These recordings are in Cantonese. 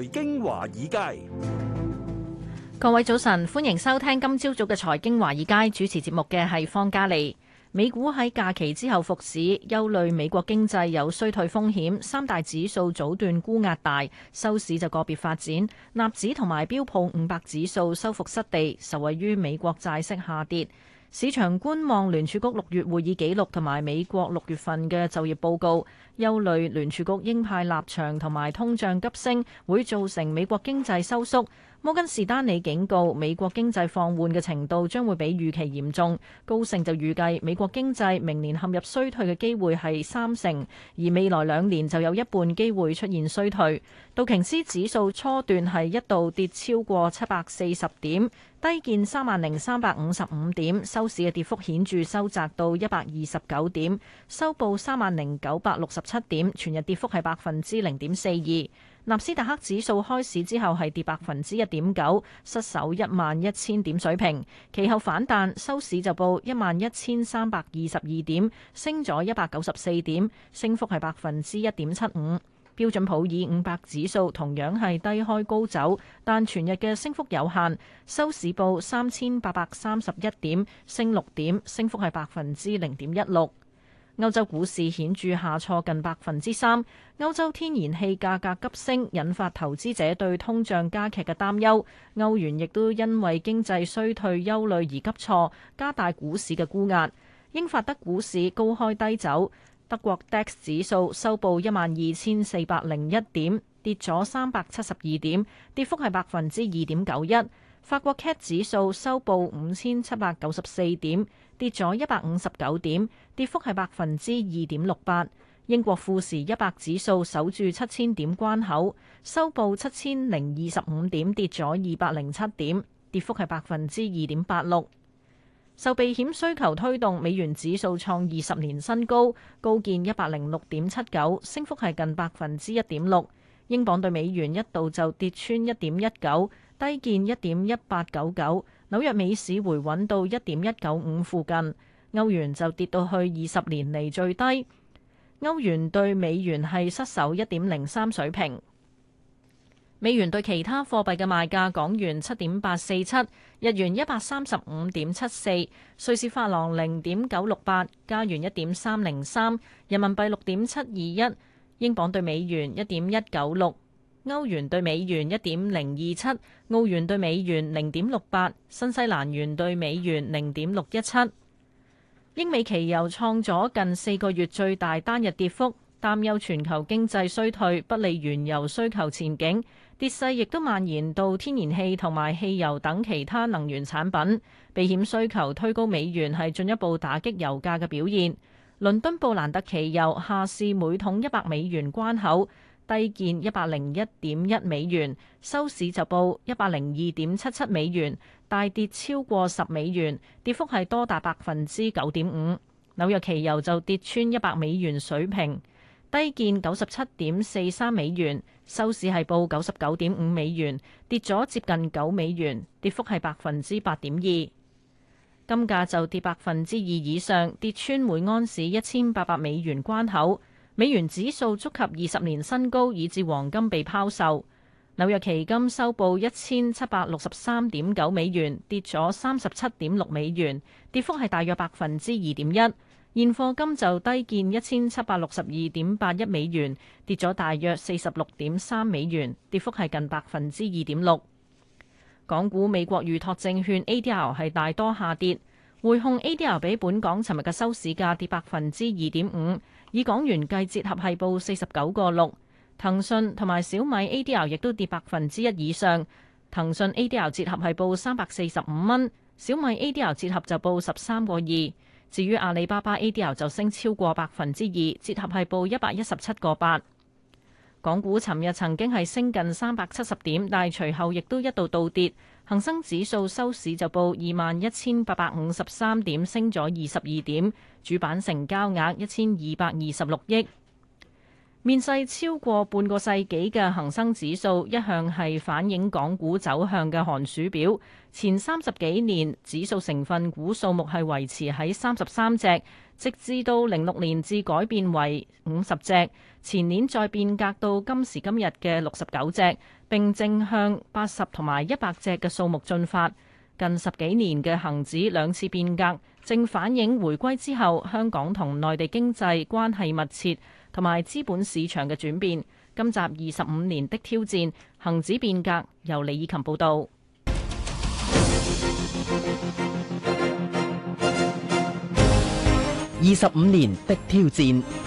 財經華爾街，各位早晨，歡迎收聽今朝早嘅財經華爾街，主持節目嘅係方嘉利。美股喺假期之後復市，憂慮美國經濟有衰退風險。三大指數早段沽壓大，收市就個別發展。納指同埋標普五百指數收復失地，受惠於美國債息下跌。市場觀望聯儲局六月會議記錄同埋美國六月份嘅就業報告。憂慮聯儲局鷹派立場同埋通脹急升，會造成美國經濟收縮。摩根士丹利警告美國經濟放緩嘅程度將會比預期嚴重。高盛就預計美國經濟明年陷入衰退嘅機會係三成，而未來兩年就有一半機會出現衰退。道瓊斯指數初段係一度跌超過七百四十點，低見三萬零三百五十五點，收市嘅跌幅顯著收窄到一百二十九點，收報三萬零九百六十，七點，全日跌幅係百分之零點四二。納斯達克指數開市之後係跌百分之一點九，失守一萬一千點水平。其後反彈，收市就報一萬一千三百二十二點，升咗一百九十四點，升幅係百分之一點七五。標準普爾五百指數同樣係低開高走，但全日嘅升幅有限，收市報三千八百三十一點，升六點，升幅係百分之零點一六。歐洲股市顯著下挫近百分之三，歐洲天然氣價格急升，引發投資者對通脹加劇嘅擔憂。歐元亦都因為經濟衰退憂慮而急挫，加大股市嘅沽壓。英法德股市高開低走，德國 DAX 指數收報一萬二千四百零一點，跌咗三百七十二點，跌幅係百分之二點九一。法國 CAC 指數收報五千七百九十四點，跌咗一百五十九點，跌幅係百分之二點六八。英國富時一百指數守住七千點關口，收報七千零二十五點，跌咗二百零七點，跌幅係百分之二點八六。受避險需求推動，美元指數創二十年新高，高見一百零六點七九，升幅係近百分之一點六。英鎊對美元一度就跌穿一點一九。低見一點一八九九，紐約美市回穩到一點一九五附近，歐元就跌到去二十年嚟最低，歐元兌美元係失守一點零三水平，美元對其他貨幣嘅賣價，港元七點八四七，日元一百三十五點七四，瑞士法郎零點九六八，加元一點三零三，人民幣六點七二一，英鎊兌美元一點一九六。歐元對美元一點零二七，澳元對美元零點六八，新西蘭元對美元零點六一七。英美期油創咗近四個月最大單日跌幅，擔憂全球經濟衰退不利原油需求前景，跌勢亦都蔓延到天然氣同埋汽油等其他能源產品。避險需求推高美元係進一步打擊油價嘅表現。倫敦布蘭特期油下試每桶一百美元關口。低見一百零一點一美元，收市就報一百零二點七七美元，大跌超過十美元，跌幅係多達百分之九點五。紐約期油就跌穿一百美元水平，低見九十七點四三美元，收市係報九十九點五美元，跌咗接近九美元，跌幅係百分之八點二。金價就跌百分之二以上，跌穿每安士一千八百美元關口。美元指數觸及二十年新高，以至黃金被拋售。紐約期金收報一千七百六十三點九美元，跌咗三十七點六美元，跌幅係大約百分之二點一。現貨金就低見一千七百六十二點八一美元，跌咗大約四十六點三美元，跌幅係近百分之二點六。港股美國預託證券 ADR 係大多下跌。匯控 ADR 比本港尋日嘅收市價跌百分之二點五，以港元計折合係報四十九個六。騰訊同埋小米 ADR 亦都跌百分之一以上，騰訊 ADR 折合係報三百四十五蚊，小米 ADR 折合就報十三個二。至於阿里巴巴 ADR 就升超過百分之二，折合係報一百一十七個八。港股尋日曾經係升近三百七十點，但係隨後亦都一度倒跌，恒生指數收市就報二萬一千八百五十三點，升咗二十二點，主板成交額一千二百二十六億。面世超過半個世紀嘅恒生指數，一向係反映港股走向嘅寒暑表。前三十幾年，指數成分股數目係維持喺三十三隻，直至到零六年至改變為五十隻，前年再變革到今時今日嘅六十九隻，並正向八十同埋一百隻嘅數目進發。近十幾年嘅恒指兩次變革，正反映回歸之後香港同內地經濟關係密切。同埋資本市場嘅轉變，今集二十五年的挑戰，恆指變革，由李以琴報道。二十五年的挑戰。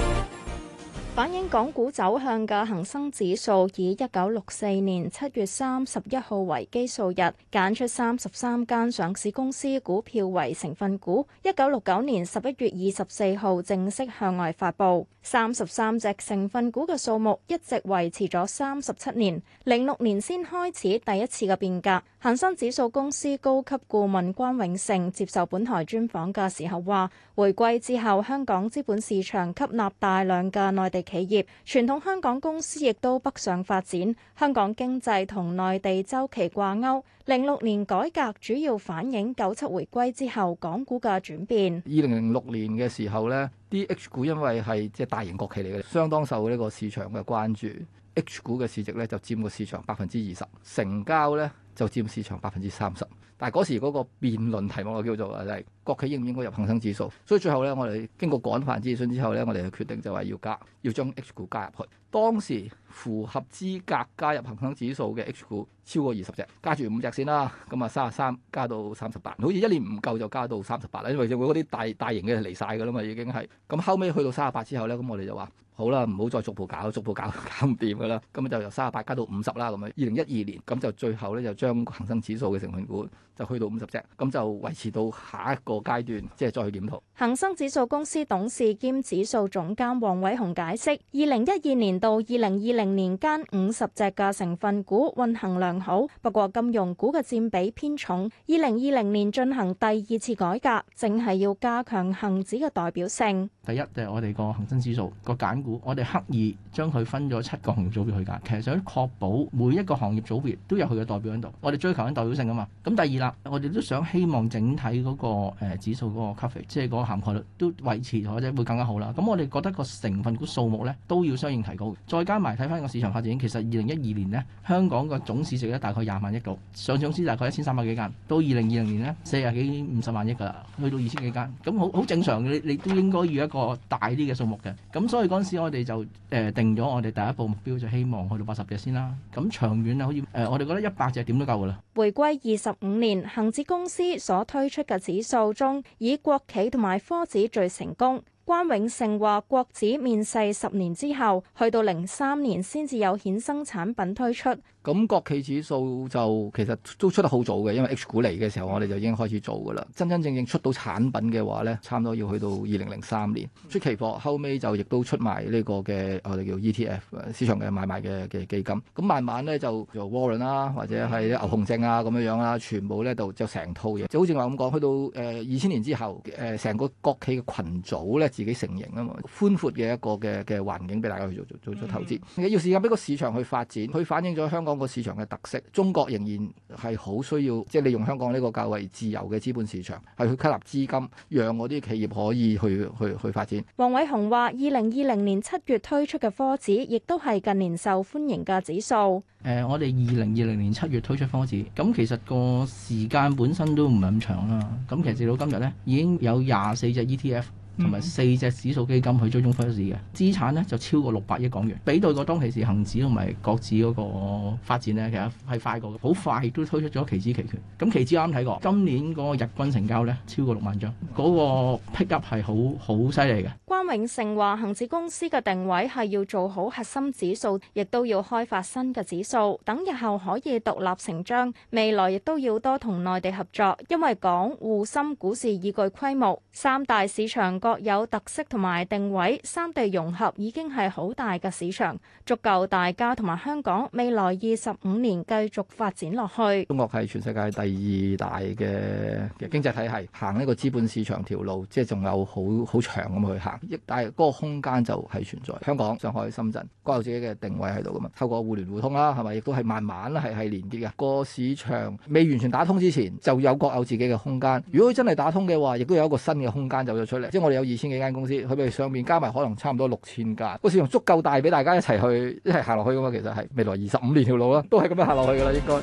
反映港股走向嘅恒生指數，以一九六四年七月三十一號為基數日，揀出三十三間上市公司股票為成分股，一九六九年十一月二十四號正式向外發佈。三十三隻成分股嘅數目一直維持咗三十七年，零六年先開始第一次嘅變革。恒生指數公司高級顧問關永勝接受本台專訪嘅時候話，回歸之後，香港資本市場吸納大量嘅內地企業，傳統香港公司亦都北上發展。香港經濟同內地周期掛鈎。零六年改革主要反映九七回歸之後港股嘅轉變。二零零六年嘅時候咧，啲 H 股因為係即係大型國企嚟嘅，相當受呢個市場嘅關注。H 股嘅市值咧就佔個市場百分之二十，成交咧。就佔市場百分之三十，但係嗰時嗰個辯論題目就叫做啊，真係，國企應唔應該入恒生指數？所以最後咧，我哋經過廣泛諮詢之後咧，我哋就決定就話要加，要將 H 股加入去。當時符合資格加入恒生指數嘅 H 股超過二十隻，加住五隻先啦。咁啊，三十三加到三十八，好似一年唔夠就加到三十八啦，因為就嗰啲大大型嘅嚟晒㗎啦嘛，已經係。咁後尾去到三十八之後咧，咁我哋就話好啦，唔好再逐步搞，逐步搞搞唔掂㗎啦。咁就由三十八加到五十啦。咁啊，二零一二年咁就最後咧就將恒生指數嘅成分股就去到五十隻，咁就維持到下一個。個階段，即係再去檢討。恒生指數公司董事兼指數總監黃偉雄解釋：二零一二年到二零二零年間五十隻嘅成分股運行良好，不過金融股嘅佔比偏重。二零二零年進行第二次改革，正係要加強恒指嘅代表性。第一就係、是、我哋個恒生指數個揀股，我哋刻意將佢分咗七個行業組別去揀，其實想確保每一個行業組別都有佢嘅代表喺度。我哋追求緊代表性啊嘛。咁第二啦，我哋都想希望整體嗰、那個。指數嗰個 cover 即係嗰個涵蓋率都維持或者會更加好啦。咁我哋覺得個成分股數目咧都要相應提高，再加埋睇翻個市場發展。其實二零一二年呢，香港個總市值咧大概廿萬億度，上市公司大概一千三百幾間。到二零二零年呢，四廿幾五十萬億噶啦，去到二千幾間。咁好好正常嘅，你都應該要一個大啲嘅數目嘅。咁所以嗰陣時我哋就誒定咗我哋第一步目標，就希望去到八十隻先啦。咁長遠啊，可以誒，我哋覺得一百隻點都夠噶啦。回歸二十五年，恒指公司所推出嘅指數。中以國企同埋科指最成功。關永盛話：國指面世十年之後，去到零三年先至有衍生產品推出。咁國企指數就其實都出得好早嘅，因為 H 股，嚟嘅時候，我哋就已經開始做㗎啦。真真正正出到產品嘅話咧，差唔多要去到二零零三年出期貨，後尾就亦都出埋呢個嘅我哋叫 ETF 市場嘅買賣嘅嘅基金。咁慢慢咧就做 Warrant 啦，或者係牛熊證啊咁樣樣、啊、啦，全部咧就就成套嘢，就好似話咁講，去到誒二千年之後誒成個國企嘅群組咧自己成型啊嘛，寬闊嘅一個嘅嘅環境俾大家去做做做做投資。你要時間俾個市場去發展，去反映咗香港。個市場嘅特色，中國仍然係好需要，即係利用香港呢個較為自由嘅資本市場，係去吸納資金，讓我啲企業可以去去去發展。黃偉雄話，二零二零年七月推出嘅科指，亦都係近年受歡迎嘅指數。誒、呃，我哋二零二零年七月推出科指，咁其實個時間本身都唔係咁長啦。咁其實到今日呢，已經有廿四隻 ETF。同埋四隻指數基金去追蹤恆指嘅資產呢，就超過六百億港元。比對過當其時恒指同埋國指嗰個發展呢，其實係快過嘅，好快都推出咗期指期權。咁期指啱睇過，今年嗰個日均成交呢，超過六萬張，嗰、嗯、個 pickup 係好好犀利嘅。關永盛話：恒指公司嘅定位係要做好核心指數，亦都要開發新嘅指數，等日後可以獨立成章。未來亦都要多同內地合作，因為港滬深股市已具規模，三大市場。各有特色同埋定位，三地融合已經係好大嘅市場，足夠大家同埋香港未來二十五年繼續發展落去。中國係全世界第二大嘅經濟體系，行呢個資本市場條路，即係仲有好好長咁去行，但係嗰個空間就係存在。香港、上海、深圳各有自己嘅定位喺度噶嘛，透過互聯互通啦，係咪？亦都係慢慢係係連接嘅。個市場未完全打通之前，就有各有自己嘅空間，如果真係打通嘅話，亦都有一個新嘅空間走咗出嚟。即係我哋。有二千幾間公司，佢哋上面加埋可能差唔多六千間，個市場足夠大俾大家一齊去一齊行落去噶嘛。其實係未來二十五年條路啦，都係咁樣行落去噶啦。應該。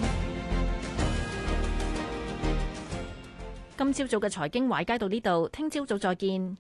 今朝早嘅財經華爾街到呢度，聽朝早再見。